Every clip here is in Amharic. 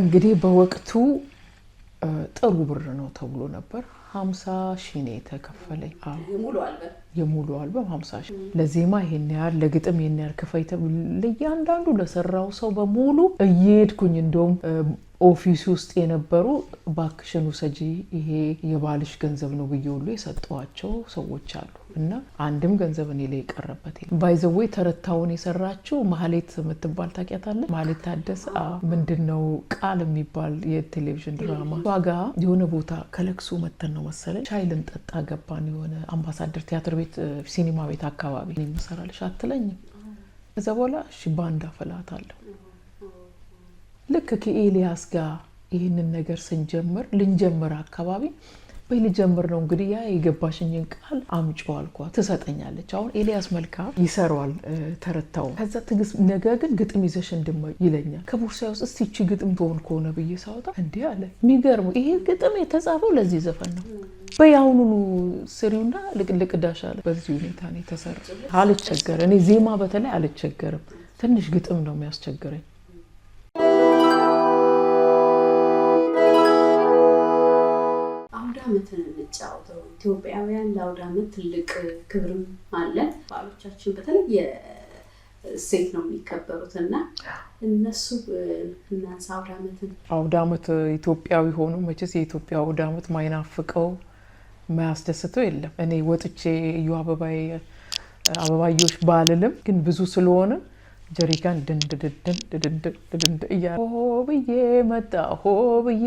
እንግዲህ በወቅቱ ጥሩ ብር ነው ተብሎ ነበር። ሀምሳ ሺ ነው የተከፈለኝ። የሙሉ አልበም ሀምሳ ሺ ለዜማ ይሄን ያህል ለግጥም ይሄን ያህል ክፈይ፣ ለእያንዳንዱ ለሰራው ሰው በሙሉ እየሄድኩኝ እንደውም ኦፊስ ውስጥ የነበሩ ባክሽን ውሰጂ ይሄ የባልሽ ገንዘብ ነው ብዬ ሁሉ የሰጠዋቸው ሰዎች አሉ። እና አንድም ገንዘብ እኔ ላይ የቀረበት ባይዘወይ ተረታውን የሰራችው ማህሌት የምትባል ታውቂያታለሽ? ማህሌት ታደሰ ምንድን ነው ቃል የሚባል የቴሌቪዥን ድራማ ዋጋ የሆነ ቦታ ከለክሱ መተን ነው መሰለኝ ሻይ ልንጠጣ ገባን። የሆነ አምባሳደር ቲያትር ቤት ሲኒማ ቤት አካባቢ እኔ የምሰራልሽ አትለኝም። ከዛ በኋላ እሺ ባንድ አፈላታለሁ ልክ ከኤልያስ ጋር ይህንን ነገር ስንጀምር ልንጀምር አካባቢ በይ ልጀምር ነው እንግዲህ ያ የገባሽኝን ቃል አምጮ አልኳ ትሰጠኛለች። አሁን ኤልያስ መልካ ይሰሯል ተረታው። ከዛ ትዕግስት ነገ ግን ግጥም ይዘሽ እንድመ ይለኛል። ከቡርሳ ውስጥ እስቲ ይቺ ግጥም ትሆን ከሆነ ብዬ ሳወጣ እንዲህ አለ። የሚገርሙ ይሄ ግጥም የተጻፈው ለዚህ ዘፈን ነው። በይ አሁኑኑ ስሪውና ልቅዳሽ አለ። በዚህ ሁኔታ ነው የተሰራ። አልቸገረ እኔ ዜማ በተለይ አልቸገርም። ትንሽ ግጥም ነው የሚያስቸግረኝ ዓመትን የምንጫወተው። ኢትዮጵያውያን ለአውደ ዓመት ትልቅ ክብርም አለን። በዓሎቻችን በተለየ ሴት ነው የሚከበሩት እና እነሱ እናንሳ አውደ ዓመትን። አውደ ዓመት ኢትዮጵያዊ ሆኑ መቼስ የኢትዮጵያ አውደ ዓመት ማይናፍቀው ማያስደስተው የለም። እኔ ወጥቼ እዩ አበባዬ አበባዮች ባልልም ግን ብዙ ስለሆነ ጀሪካን ድንድድድንድድድድን እያ ሆ ብዬ መጣ ሆ ብዬ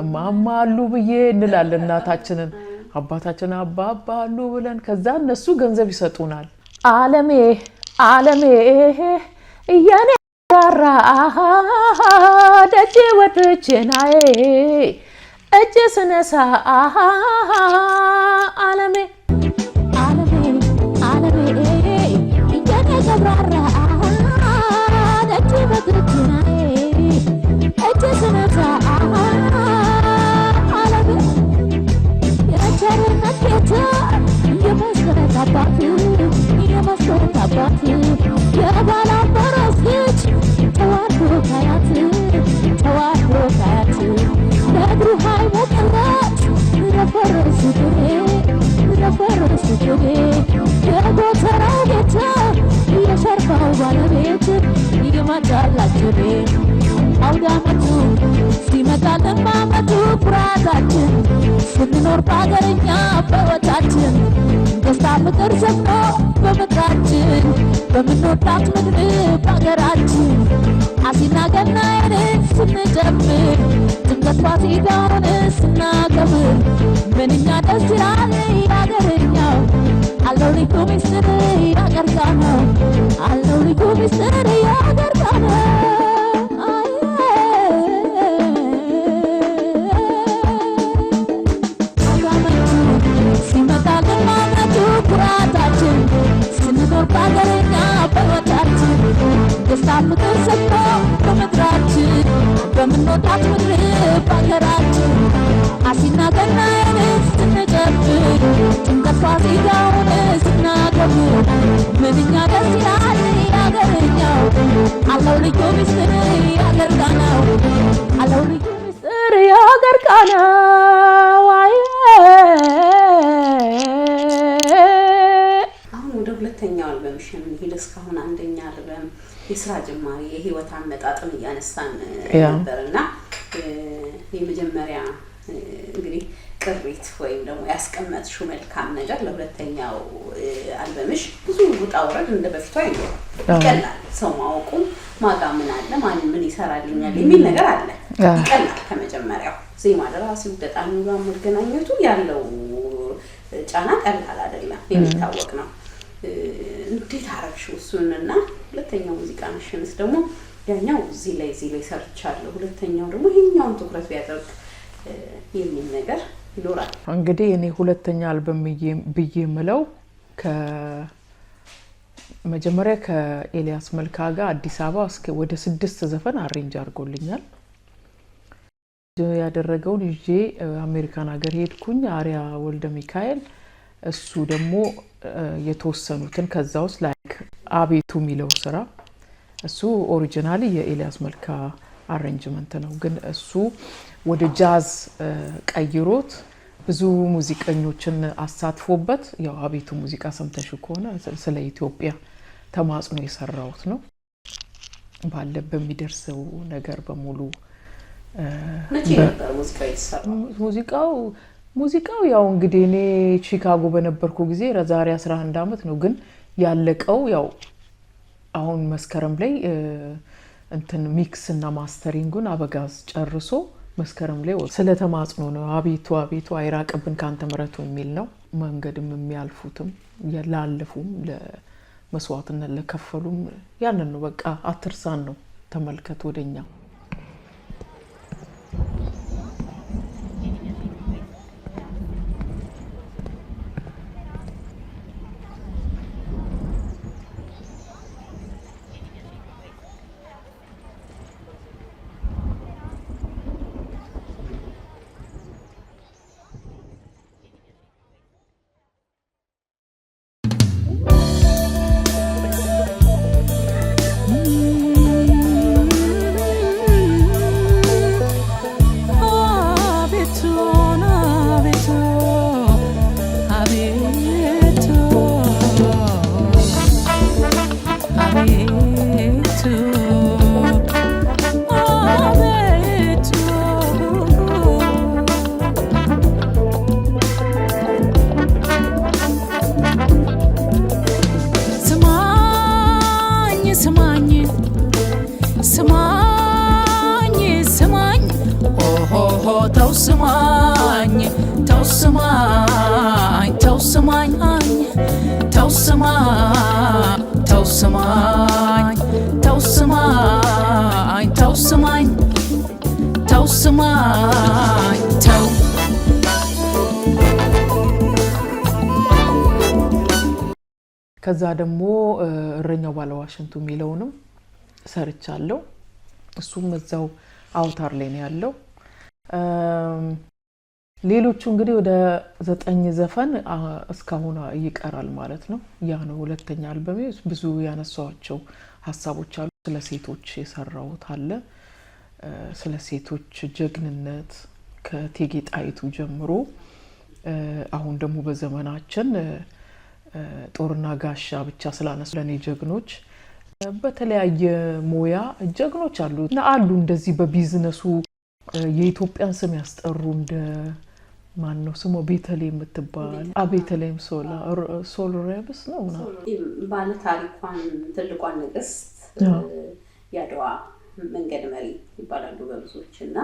እማማ አሉ ብዬ እንላለን። እናታችንን አባታችን አባባ አሉ ብለን ከዛ እነሱ ገንዘብ ይሰጡናል። አለሜ አለሜ እያኔ ራራ ደጅ ወጥቼ ናዬ እጅ ስነሳ አለሜ አባቱ የመስኮት አባቱ የባላምበረት ልጅ ተዋርዶ ካያት ተዋርዶ ካያት ለእግሩ ሀይ ሞቀለት ለፈረሱ ግሬ ለፈረሱ ግሬ የጎተራው ጌታ የሸርፋው ባለቤት የማዳላቸው ቤት አውዳመቱ ሲመ እናቃለን ማመቱ ኩራታችን ስንኖር በሀገርኛ በወታችን ደስታ ፍቅር ሰፍኖ በምድራችን በምንወዳት ምድር በሀገራችን አሲና ገናዬን ስንጨምር ፋሲካውን ስናከብር ምንኛ ደስ ይላል ያገርኛው አለው ልዩ ሚስጥር ያገርጋ ነው አለው ልዩ ሚስጥር ያገር እያነሳን ነበር እና የመጀመሪያ እንግዲህ ቅሪት ወይም ደግሞ ያስቀመጥሹ መልካም ነገር ለሁለተኛው አልበምሽ ብዙ ውጣ ውረድ እንደ በፊቱ አይ ይቀላል። ሰው ማወቁ ማጋ ምን አለ ማን ምን ይሰራልኛል የሚል ነገር አለ። ይቀላል። ከመጀመሪያው ዜማ ደራሲ በጣም ጋር መገናኘቱ ያለው ጫና ቀላል አይደለም፣ የሚታወቅ ነው። እንዴት አረግሽው እሱንና ሁለተኛው ሙዚቃ ምሽንስ ደግሞ ያኛው እዚህ ላይ እዚህ ላይ ሰርቻለሁ፣ ሁለተኛው ደግሞ ይሄኛውን ትኩረት ቢያደርግ የሚል ነገር ይኖራል። እንግዲህ እኔ ሁለተኛ አልበም ብዬ ምለው መጀመሪያ ከኤልያስ መልካ ጋር አዲስ አበባ እስከ ወደ ስድስት ዘፈን አሬንጅ አድርጎልኛል። ያደረገውን ይዤ አሜሪካን ሀገር ሄድኩኝ። አሪያ ወልደ ሚካኤል እሱ ደግሞ የተወሰኑትን ከዛ ውስጥ ላይክ አቤቱ የሚለው ስራ እሱ ኦሪጂናሊ የኤልያስ መልካ አሬንጅመንት ነው፣ ግን እሱ ወደ ጃዝ ቀይሮት ብዙ ሙዚቀኞችን አሳትፎበት ያው አቤቱ ሙዚቃ ሰምተሽ ከሆነ ስለ ኢትዮጵያ ተማጽኖ የሰራውት ነው። ባለ በሚደርሰው ነገር በሙሉ ሙዚቃው ሙዚቃው ያው እንግዲህ እኔ ቺካጎ በነበርኩ ጊዜ ዛሬ 11 አመት ነው፣ ግን ያለቀው ያው አሁን መስከረም ላይ እንትን ሚክስ እና ማስተሪንጉን አበጋዝ ጨርሶ መስከረም ላይ ስለ ተማጽኖ ነው። አቤቱ አቤቱ አይራቅብን ከአንተ ምረቱ የሚል ነው። መንገድም የሚያልፉትም ላለፉም ለመስዋዕትነት ለከፈሉም ያንን ነው በቃ አትርሳን ነው። ተመልከት ወደኛ ተውስማኝ ተው ከዛ ደግሞ እረኛው ባለዋሽንቱ የሚለውንም ሰርቻለሁ። እሱም እዛው አውታር ላይ ነው ያለው። ሌሎቹ እንግዲህ ወደ ዘጠኝ ዘፈን እስካሁን ይቀራል ማለት ነው። ያ ነው ሁለተኛ አልበሜ። ብዙ ያነሳኋቸው ሀሳቦች አሉ። ስለ ሴቶች የሰራሁት አለ። ስለ ሴቶች ጀግንነት ከእቴጌ ጣይቱ ጀምሮ አሁን ደግሞ በዘመናችን ጦርና ጋሻ ብቻ ስላነሱ ለእኔ ጀግኖች በተለያየ ሙያ ጀግኖች አሉ አሉ እንደዚህ በቢዝነሱ የኢትዮጵያን ስም ያስጠሩ እንደ ማን ነው ስሞ ቤተሌ የምትባል አቤተሌም ሶላ ሶል ሬብስ ነው ባለ ታሪኳን ትልቋን ንግስት የአድዋ መንገድ መሪ ይባላሉ በብዙዎች እና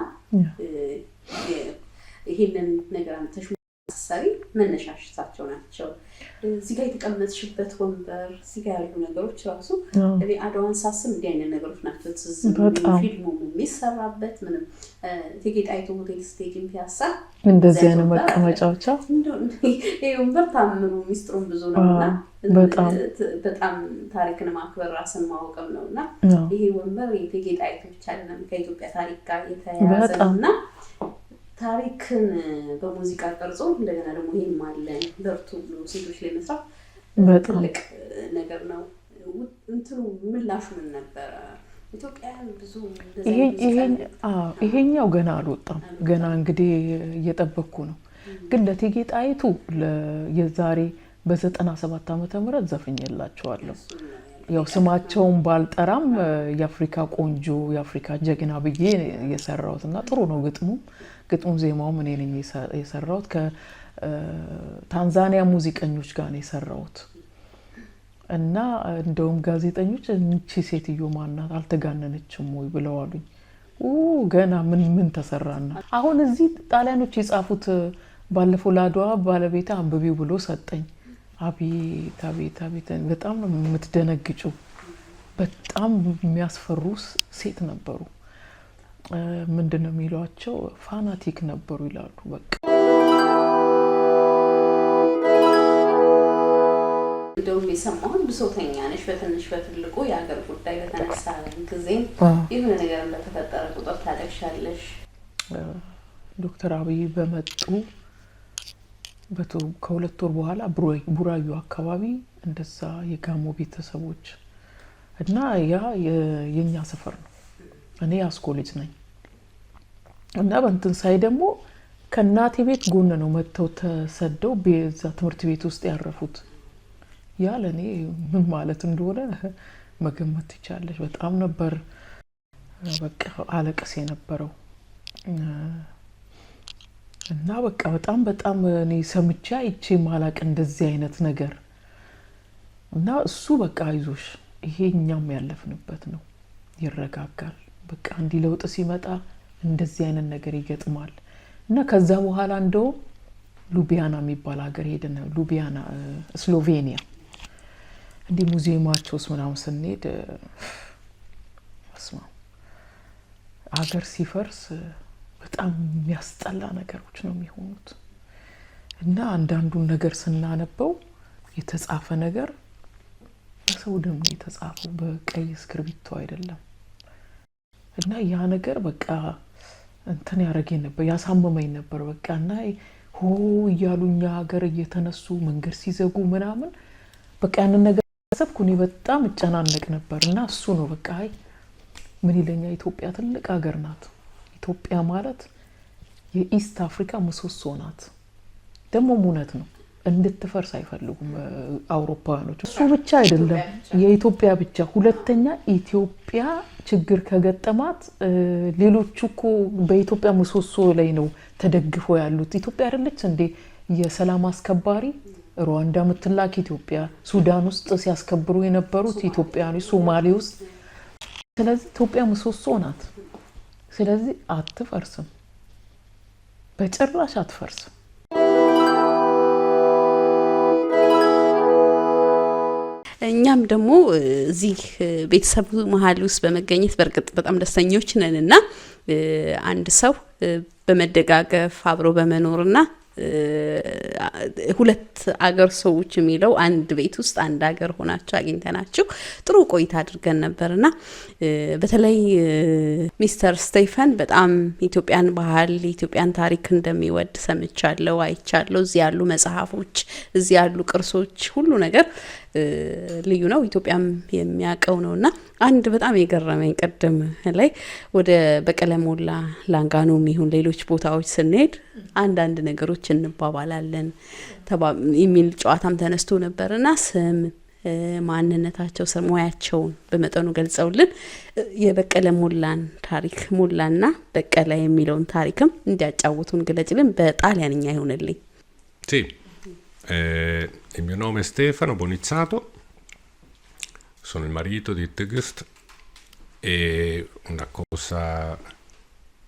ይህንን ነገር አንተሽ ሳቢ መነሻሽታቸው ናቸው። እዚህ ጋር የተቀመጥሽበት ወንበር፣ እዚህ ጋር ያሉ ነገሮች ራሱ እኔ አድዋን ሳስብ እንዲህ አይነት ነገሮች ናቸው ትዝ ፊልሙ የሚሰራበት ምንም ቴጌጣይቱ ሆቴል ስቴጅ ፒያሳ እንደዚህ አይነት መቀመጫዎች ወንበር ታምኑ ሚስጥሩን ብዙ ነው በጣም ታሪክን ማክበር ራስን ማወቅም ነው እና ይሄ ወንበር የቴጌጣይቱ ብቻ አይደለም ከኢትዮጵያ ታሪክ ጋር የተያያዘ ነው እና ታሪክን በሙዚቃ ቀርጾ እንደገና ደግሞ ይህም አለ በርቱ ብሎ ሴቶች ላይ መስራት ትልቅ ነገር ነው። እንትኑ ምላሹ ምን ነበረ? ኢትዮጵያን ይሄኛው ገና አልወጣም። ገና እንግዲህ እየጠበቅኩ ነው። ግን ለእቴጌ ጣይቱ የዛሬ በዘጠና ሰባት ዓመተ ምህረት ዘፍኝላቸዋለሁ። ያው ስማቸውን ባልጠራም የአፍሪካ ቆንጆ የአፍሪካ ጀግና ብዬ የሰራሁት እና ጥሩ ነው ግጥሙ ግጥሙ ዜማውም እኔ ነኝ የሰራሁት። ከታንዛኒያ ሙዚቀኞች ጋር ነው የሰራሁት እና እንደውም ጋዜጠኞች እንቺ ሴትዮ ማናት አልተጋነነችም ወይ ብለው አሉኝ። ገና ምን ምን ተሰራና አሁን እዚህ ጣሊያኖች የጻፉት ባለፈው ለአድዋ ባለቤት አንብቢው ብሎ ሰጠኝ። አቤት አቤት አቤት በጣም ነው የምትደነግጭው። በጣም የሚያስፈሩ ሴት ነበሩ። ምንድን ነው የሚሏቸው? ፋናቲክ ነበሩ ይላሉ። በቃ እንደውም የሰማሁን ብሶተኛ ነሽ በትንሽ በትልቁ የሀገር ጉዳይ በተነሳ ጊዜም የሆነ ነገር እንደተፈጠረ ቁጥር ታለቅሻለሽ። ዶክተር አብይ በመጡ ከሁለት ወር በኋላ ቡራዩ አካባቢ እንደዛ የጋሞ ቤተሰቦች እና ያ የእኛ ሰፈር ነው። እኔ አስኮ ልጅ ነኝ እና በንትን ሳይ ደግሞ ከእናቴ ቤት ጎን ነው መጥተው ተሰደው በዛ ትምህርት ቤት ውስጥ ያረፉት። ያ ለእኔ ምን ማለት እንደሆነ መገመት ትቻለች። በጣም ነበር በቃ አለቅስ የነበረው። እና በቃ በጣም በጣም እኔ ሰምቻ ይቼ ማላቅ እንደዚህ አይነት ነገር እና እሱ በቃ አይዞሽ፣ ይሄ እኛም ያለፍንበት ነው። ይረጋጋል። በቃ እንዲህ ለውጥ ሲመጣ እንደዚህ አይነት ነገር ይገጥማል። እና ከዛ በኋላ እንደውም ሉቢያና የሚባል ሀገር ሄደን ሉቢያና ስሎቬኒያ እንዲህ ሙዚየማቸው ውስጥ ምናምን ስንሄድ ስማ ሀገር ሲፈርስ በጣም የሚያስጠላ ነገሮች ነው የሚሆኑት እና አንዳንዱን ነገር ስናነበው የተጻፈ ነገር በሰው ደም ነው የተጻፈው፣ በቀይ እስክርቢቶ አይደለም። እና ያ ነገር በቃ እንትን ያደረገኝ ነበር፣ ያሳመመኝ ነበር። በቃ እና ሆ እያሉ እኛ ሀገር እየተነሱ መንገድ ሲዘጉ ምናምን በቃ ያንን ነገር ሰብኩ እኔ በጣም እጨናነቅ ነበር። እና እሱ ነው በቃ ምን ይለኛ ኢትዮጵያ ትልቅ ሀገር ናት ኢትዮጵያ ማለት የኢስት አፍሪካ ምሰሶ ናት። ደግሞም እውነት ነው። እንድትፈርስ አይፈልጉም አውሮፓውያኖች። እሱ ብቻ አይደለም የኢትዮጵያ ብቻ ሁለተኛ ኢትዮጵያ ችግር ከገጠማት ሌሎቹ እኮ በኢትዮጵያ ምሰሶ ላይ ነው ተደግፈው ያሉት። ኢትዮጵያ አይደለች እንዴ የሰላም አስከባሪ? ሩዋንዳ ምትላክ ኢትዮጵያ፣ ሱዳን ውስጥ ሲያስከብሩ የነበሩት ኢትዮጵያ፣ ሶማሌ ውስጥ። ስለዚህ ኢትዮጵያ ምሰሶ ናት። ስለዚህ አትፈርስም፣ በጭራሽ አትፈርስም። እኛም ደግሞ እዚህ ቤተሰቡ መሀል ውስጥ በመገኘት በእርግጥ በጣም ደስተኞች ነን እና አንድ ሰው በመደጋገፍ አብሮ በመኖርና ሁለት አገር ሰዎች የሚለው አንድ ቤት ውስጥ አንድ አገር ሆናችሁ አግኝተናችሁ ጥሩ ቆይታ አድርገን ነበርና በተለይ ሚስተር ስቴፈን በጣም ኢትዮጵያን ባህል የኢትዮጵያን ታሪክ እንደሚወድ ሰምቻለሁ፣ አይቻለሁ። እዚህ ያሉ መጽሐፎች፣ እዚህ ያሉ ቅርሶች፣ ሁሉ ነገር ልዩ ነው። ኢትዮጵያም የሚያውቀው ነው እና አንድ በጣም የገረመኝ ቅድም ላይ ወደ በቀለ ሞላ ላንጋኖ የሚሆን ሌሎች ቦታዎች ስንሄድ አንዳንድ ነገሮች እንባባላለን የሚል ጨዋታም ተነስቶ ነበር እና ስም ማንነታቸው ሙያቸውን በመጠኑ ገልጸውልን የበቀለ ሞላን ታሪክ ሞላና በቀለ የሚለውን ታሪክም እንዲያጫውቱን ግለጭልን። በጣሊያንኛ ይሆንልኝ Il mio nome è Stefano Bonizzato, sono il marito di Tegust e una cosa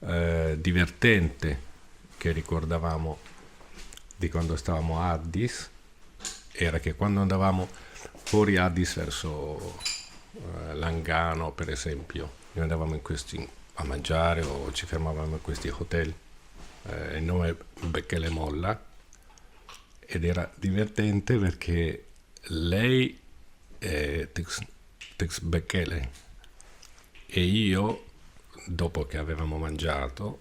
eh, divertente che ricordavamo di quando stavamo a Addis era che quando andavamo fuori Addis verso eh, Langano per esempio noi andavamo questi, a mangiare o ci fermavamo in questi hotel eh, il nome è Becchele Molla ed era divertente perché lei è Tex, Tex Bekele e io, dopo che avevamo mangiato,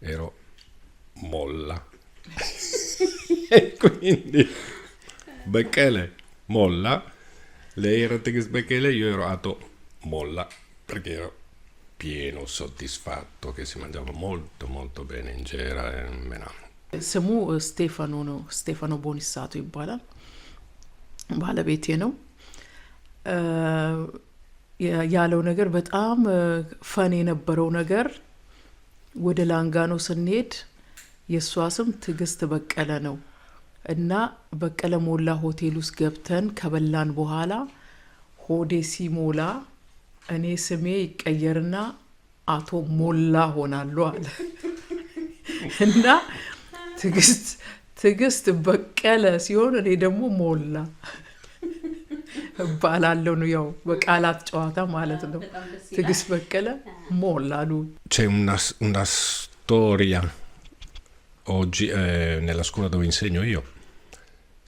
ero molla. e quindi Bekele molla, lei era Tex Bekele, io ero Ato molla perché ero pieno soddisfatto che si mangiava molto molto bene in gera e mename. ስሙ ስቴፋኖ ነው። ስቴፋኖ ቦኒሳቶ ይባላል። ባለቤቴ ነው ያለው ነገር በጣም ፈን የነበረው ነገር ወደ ላንጋኖ ስንሄድ የእሷ ስም ትዕግስት በቀለ ነው እና በቀለ ሞላ ሆቴል ውስጥ ገብተን ከበላን በኋላ ሆዴ ሲሞላ እኔ ስሜ ይቀየርና አቶ ሞላ ሆናሉ አለ እና ትዕግስት ትዕግስት በቀለ ሲሆን እኔ ደግሞ ሞላ እባላለሁ ነው ያው በቃላት ጨዋታ ማለት ነው። ትዕግስት በቀለ ሞላ lui. C'è una, una storia oggi eh, nella scuola dove insegno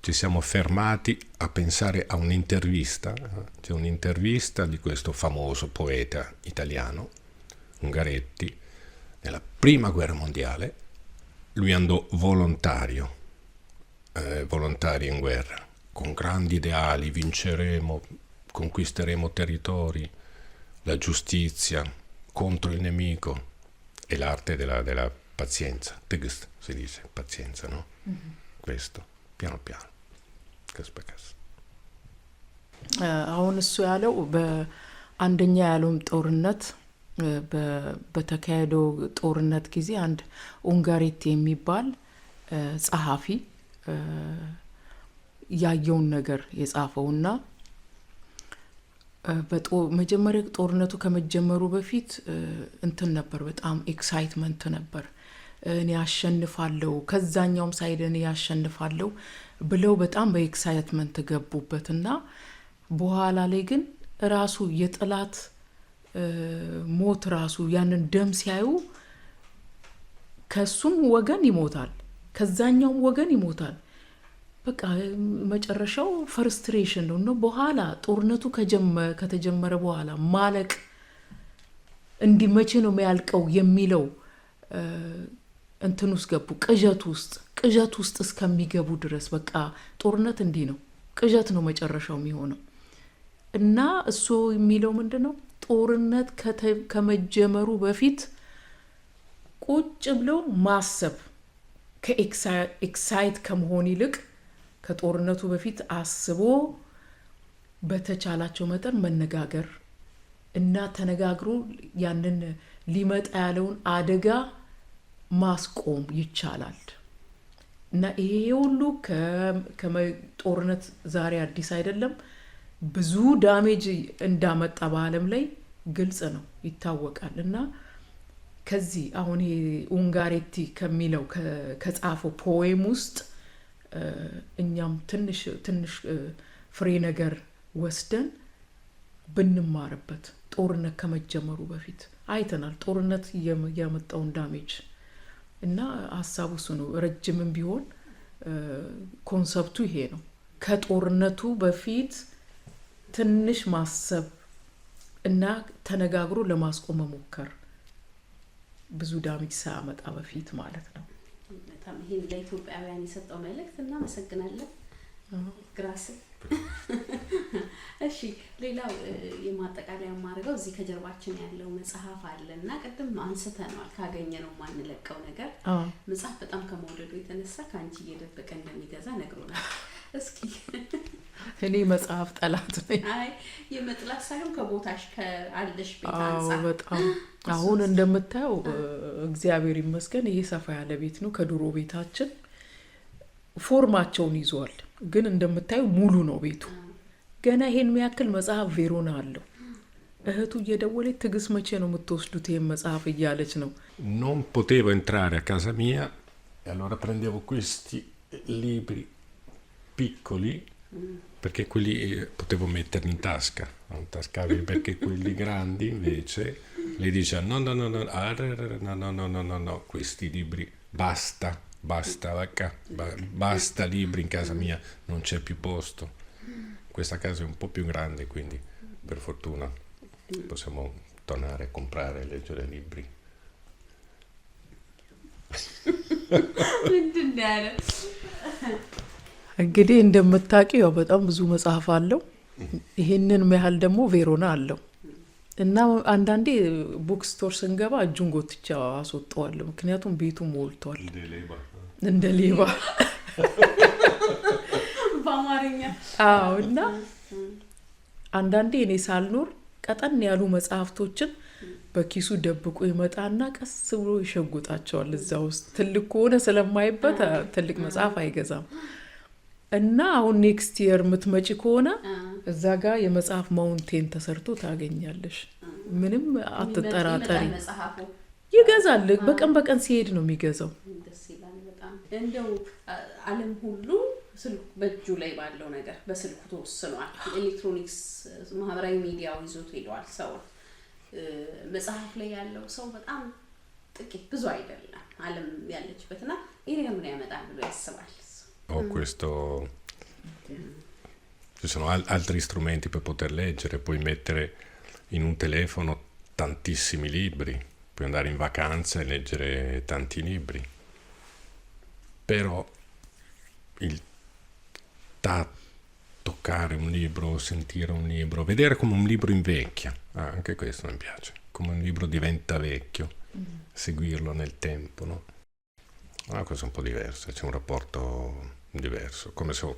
Ci siamo fermati a pensare a un'intervista, c'è un'intervista di questo famoso poeta italiano, Ungaretti, nella prima guerra mondiale lui andò volontario, eh, volontario in guerra, con grandi ideali, vinceremo, conquisteremo territori, la giustizia contro il nemico e l'arte della, della pazienza, tegst si dice, pazienza, no? Mm-hmm. Questo, piano piano, caso per caso. አሁን እሱ ያለው በአንደኛ የዓለም ጦርነት በተካሄደው ጦርነት ጊዜ አንድ ኡንጋሪት የሚባል ጸሐፊ ያየውን ነገር የጻፈውና መጀመሪያ ጦርነቱ ከመጀመሩ በፊት እንትን ነበር፣ በጣም ኤክሳይትመንት ነበር። እኔ ያሸንፋለሁ፣ ከዛኛውም ሳይድ እኔ ያሸንፋለሁ ብለው በጣም በኤክሳይትመንት ገቡበት ገቡበትና በኋላ ላይ ግን ራሱ የጠላት ሞት ራሱ ያንን ደም ሲያዩ ከሱም ወገን ይሞታል፣ ከዛኛውም ወገን ይሞታል። በቃ መጨረሻው ፈርስትሬሽን ነው። በኋላ ጦርነቱ ከተጀመረ በኋላ ማለቅ እንዲህ መቼ ነው የሚያልቀው የሚለው እንትን ውስጥ ገቡ። ቅዠት ውስጥ ቅዠት ውስጥ እስከሚገቡ ድረስ በቃ ጦርነት እንዲህ ነው፣ ቅዠት ነው መጨረሻው የሚሆነው እና እሱ የሚለው ምንድን ነው ጦርነት ከመጀመሩ በፊት ቁጭ ብለው ማሰብ ከኤክሳይት ከመሆን ይልቅ ከጦርነቱ በፊት አስቦ በተቻላቸው መጠን መነጋገር እና ተነጋግሮ ያንን ሊመጣ ያለውን አደጋ ማስቆም ይቻላል። እና ይሄ ሁሉ ጦርነት ዛሬ አዲስ አይደለም። ብዙ ዳሜጅ እንዳመጣ በዓለም ላይ ግልጽ ነው፣ ይታወቃል። እና ከዚህ አሁን ይሄ ኡንጋሬቲ ከሚለው ከጻፈው ፖዌም ውስጥ እኛም ትንሽ ትንሽ ፍሬ ነገር ወስደን ብንማርበት ጦርነት ከመጀመሩ በፊት አይተናል። ጦርነት የመጣውን ዳሜጅ እና ሀሳቡ እሱ ነው። ረጅምም ቢሆን ኮንሰፕቱ ይሄ ነው። ከጦርነቱ በፊት ትንሽ ማሰብ እና ተነጋግሮ ለማስቆም መሞከር ብዙ ዳሚጅ ሳያመጣ በፊት ማለት ነው። በጣም ይህን ለኢትዮጵያውያን የሰጠው መልእክት እናመሰግናለን። ግራስ እሺ። ሌላው የማጠቃለያ የማደርገው እዚህ ከጀርባችን ያለው መጽሐፍ አለ እና ቅድም አንስተነዋል፣ ካገኘ ነው የማንለቀው ነገር መጽሐፍ በጣም ከመውደዱ የተነሳ ከአንቺ እየደበቀ እንደሚገዛ ነግሮናል። እስኪ እኔ መጽሐፍ ጠላት ነኝ። አይ የመጥላት ሳይሆን ከቦታሽ ከአለሽ ቤት አንጻር በጣም አሁን እንደምታየው እግዚአብሔር ይመስገን ይሄ ሰፋ ያለ ቤት ነው። ከድሮ ቤታችን ፎርማቸውን ይዟል፣ ግን እንደምታየው ሙሉ ነው ቤቱ። ገና ይሄን የሚያክል መጽሐፍ ቬሮና አለው። እህቱ እየደወለ ትዕግስት፣ መቼ ነው የምትወስዱት ይህን መጽሐፍ እያለች ነው። ኖን ፖቴቮ ኢንትራሬ አ ካሳ ሚያ አሎራ ፕሬንዴቮ ኩስቲ ሊብሪ piccoli perché quelli eh, potevo metterli in tasca, non tascabili perché quelli grandi invece le dice no no no no, ah, no no no no no no questi libri basta, basta vacca, basta libri in casa mia, non c'è più posto. Questa casa è un po' più grande quindi per fortuna possiamo tornare a comprare e leggere libri. Non እንግዲህ እንደምታውቂው ያው በጣም ብዙ መጽሐፍ አለው። ይህንን ያህል ደግሞ ቬሮና አለው እና አንዳንዴ ቡክ ስቶር ስንገባ እጁን ጎትቻ አስወጠዋለሁ። ምክንያቱም ቤቱ ሞልቷል እንደ ሌባ በአማርኛ። አዎ። እና አንዳንዴ እኔ ሳልኖር ቀጠን ያሉ መጽሐፍቶችን በኪሱ ደብቆ ይመጣና ቀስ ብሎ ይሸጉጣቸዋል እዛ ውስጥ። ትልቅ ከሆነ ስለማይበት ትልቅ መጽሐፍ አይገዛም። እና አሁን ኔክስት የር የምትመጪ ከሆነ እዛ ጋር የመጽሐፍ ማውንቴን ተሰርቶ ታገኛለሽ። ምንም አትጠራጠሪ። ይገዛል። በቀን በቀን ሲሄድ ነው የሚገዛው። እንደው ዓለም ሁሉ ስልኩ በእጁ ላይ ባለው ነገር በስልኩ ተወስኗል። ኤሌክትሮኒክስ፣ ማህበራዊ ሚዲያው ይዞት ሄደዋል። ሰው መጽሐፍ ላይ ያለው ሰው በጣም ጥቂት ብዙ አይደለም ዓለም ያለችበትና ይሄ ምን ያመጣል ብሎ ያስባል። ho mm. questo... Ci sono al- altri strumenti per poter leggere, puoi mettere in un telefono tantissimi libri, puoi andare in vacanza e leggere tanti libri. Però il tatto toccare un libro, sentire un libro, vedere come un libro invecchia, ah, anche questo mi piace, come un libro diventa vecchio, mm. seguirlo nel tempo, no? Ah, Una cosa un po' diversa, c'è un rapporto diverso, come se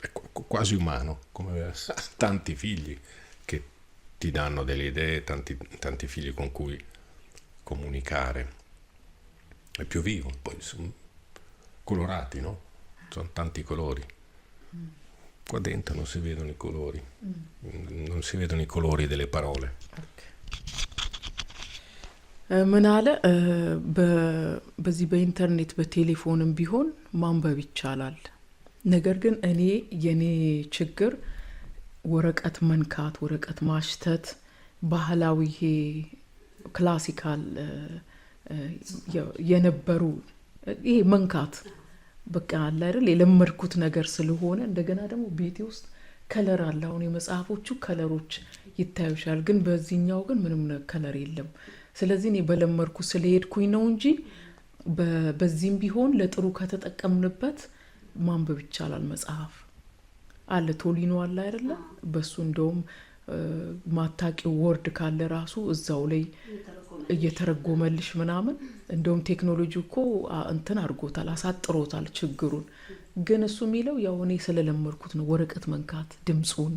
è quasi umano, come tanti figli che ti danno delle idee, tanti, tanti figli con cui comunicare. È più vivo, poi sono colorati, no? Sono tanti colori. Mm. Qua dentro non si vedono i colori, mm. non si vedono i colori delle parole. Okay. ምን አለ በዚህ በኢንተርኔት በቴሌፎንም ቢሆን ማንበብ ይቻላል። ነገር ግን እኔ የኔ ችግር ወረቀት መንካት፣ ወረቀት ማሽተት፣ ባህላዊ ይሄ ክላሲካል የነበሩ ይሄ መንካት በቃ አለ አይደል የለመድኩት ነገር ስለሆነ እንደገና ደግሞ ቤቴ ውስጥ ከለር አለ። አሁን የመጽሐፎቹ ከለሮች ይታዩሻል፣ ግን በዚህኛው ግን ምንም ከለር የለም። ስለዚህ እኔ በለመድኩ ስለሄድኩኝ ነው እንጂ በዚህም ቢሆን ለጥሩ ከተጠቀምንበት ማንበብ ይቻላል። መጽሐፍ አለ ቶሊኖ አለ አይደለ? በሱ እንደውም ማታቂው ወርድ ካለ ራሱ እዛው ላይ እየተረጎመልሽ ምናምን። እንደውም ቴክኖሎጂ እኮ እንትን አድርጎታል፣ አሳጥሮታል ችግሩን። ግን እሱ የሚለው ያው እኔ ስለለመድኩት ነው። ወረቀት መንካት፣ ድምፁን፣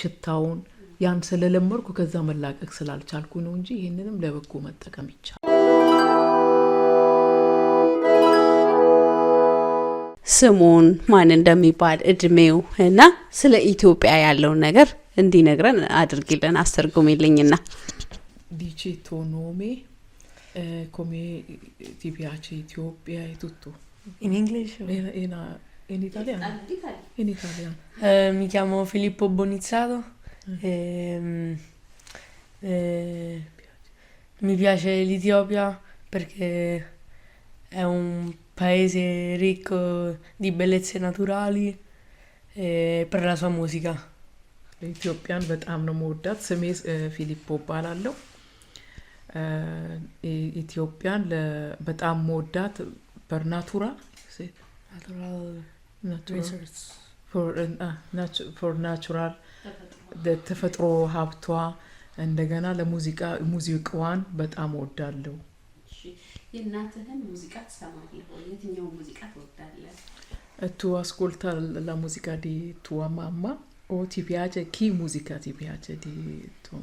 ሽታውን ያን ስለለመድኩ ከዛ መላቀቅ ስላልቻልኩ ነው እንጂ ይህንንም ለበጎ መጠቀም ይቻል። ስሙን ማን እንደሚባል እድሜው እና ስለ ኢትዮጵያ ያለውን ነገር እንዲነግረን አድርጊልን፣ አስተርጉሚልኝና ዲቼቶ ኖሜ ኮሜ ቲቢያቼ ኢትዮጵያ ቱቱ In English? In, in, in Italian. In E, ehm, e, eh, mi piace l'Etiopia perché è un paese ricco di bellezze naturali e per la sua musica። L'Etiopia ኢትዮጵያን በጣም ነው መወዳት። ስሜ ፊሊፖ እባላለሁ። ኢትዮጵያን በጣም መወዳት በርናቱራ ፎር ናቹራል ተፈጥሮ ሀብቷ እንደገና ለሙዚቃ ሙዚቃዋን በጣም እወዳለሁ። የእናትህን ሙዚቃ ትሰማለህ ወይ? ሙዚቃ ትወዳለህ? እቱ አስኮልታ la musica di tua mamma o ti piace? Chi musica ti piace di tua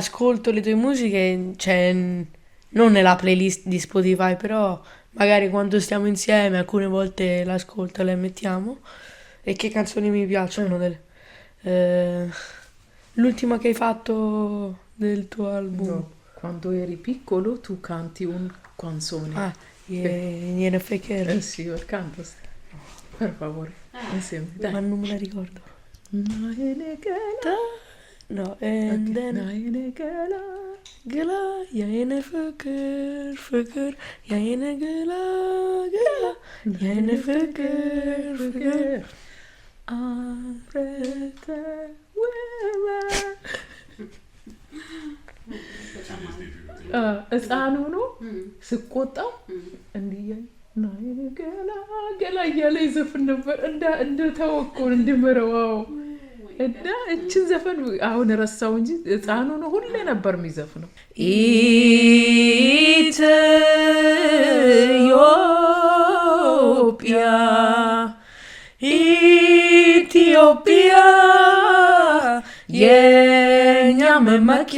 ascolto le tue musiche, cioè, non nella playlist di Spotify, però magari quando stiamo insieme alcune volte l'ascolto e la mettiamo. E che canzoni mi piacciono delle... eh, l'ultima che hai fatto del tuo album? No, quando eri piccolo tu canti un canzone. Ah, Iene Fekeri. Eh sì, il canto. Per favore, ah. insieme. Dai. Ma non me la ricordo. No, and okay. then... Gela, yayne fıkır fıkır, yayne gela gela, yayne fıkır fıkır. ህፃን ah, ሆኖ ስቆጣው እንዲያኝ ናይን ገላ ገላ እያለ ይዘፍን ነበር። እንደ ታወቀውን እንድመረዋው oh እና እችን ዘፈን አሁን ረሳው እንጂ ህፃን ሆኖ ሁሌ ነበር የሚዘፍነው።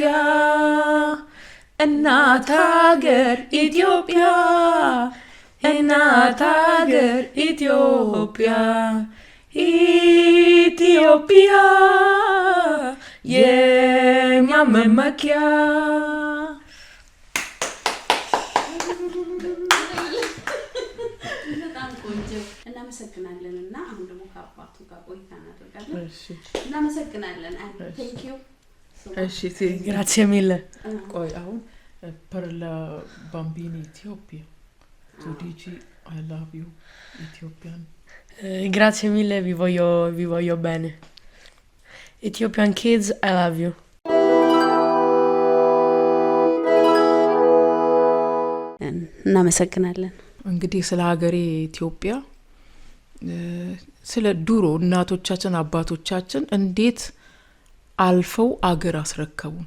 ኢትዮጵያ እናት ሀገር ኢትዮጵያ እናት ሀገር ኢትዮጵያ ኢትዮጵያ የኛ መመኪያ እናመሰግናለን እና አሁን ደግሞ ከአባቱ ጋር ቆይታ እናደርጋለን። እናመሰግናለን። ቴንኪው grazie mille. ቆይ አሁን ፐር ላምቢኒ ኢትዮጵያ ቱ አይ ላቭ ዩ ኢትዮጵያን grazie mille vi voglio vi voglio bene Ethiopian kids I love you እናመሰግናለን። እንግዲህ ስለ ሀገሬ ኢትዮጵያ ስለ ድሮ እናቶቻችን አባቶቻችን እንዴት አልፈው አገር አስረከቡን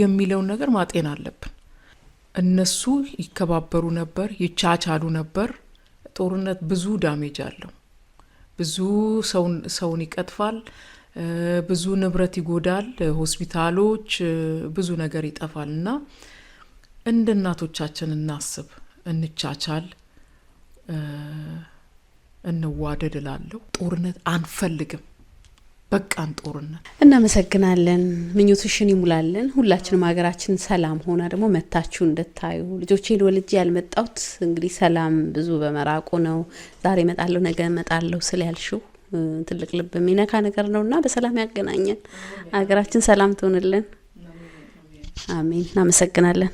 የሚለውን ነገር ማጤን አለብን። እነሱ ይከባበሩ ነበር፣ ይቻቻሉ ነበር። ጦርነት ብዙ ዳሜጅ አለው። ብዙ ሰውን ይቀጥፋል፣ ብዙ ንብረት ይጎዳል፣ ሆስፒታሎች፣ ብዙ ነገር ይጠፋል። እና እንደ እናቶቻችን እናስብ፣ እንቻቻል፣ እንዋደድ እላለሁ። ጦርነት አንፈልግም። በቃን ጦርነት። እናመሰግናለን። ምኞትሽን ይሙላለን። ሁላችንም ሀገራችን ሰላም ሆና ደግሞ መታችሁ እንደታዩ ልጆቼን ወልጄ ያልመጣሁት እንግዲህ ሰላም ብዙ በመራቁ ነው። ዛሬ እመጣለሁ ነገ እመጣለሁ ስል ያልሽው ትልቅ ልብ የሚነካ ነገር ነው እና በሰላም ያገናኘን። ሀገራችን ሰላም ትሆንልን። አሜን። እናመሰግናለን።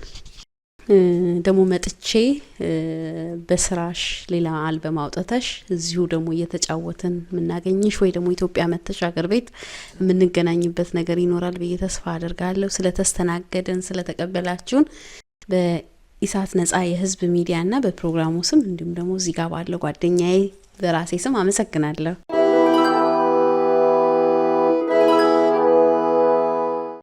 ደግሞ መጥቼ በስራሽ ሌላ አልበም አውጥተሽ እዚሁ ደግሞ እየተጫወትን የምናገኝሽ ወይ ደግሞ ኢትዮጵያ መተሽ ሀገር ቤት የምንገናኝበት ነገር ይኖራል ብዬ ተስፋ አድርጋለሁ። ስለተስተናገደን ስለተቀበላችሁን በኢሳት ነጻ የህዝብ ሚዲያና በፕሮግራሙ ስም እንዲሁም ደግሞ እዚህ ጋር ባለው ጓደኛዬ በራሴ ስም አመሰግናለሁ።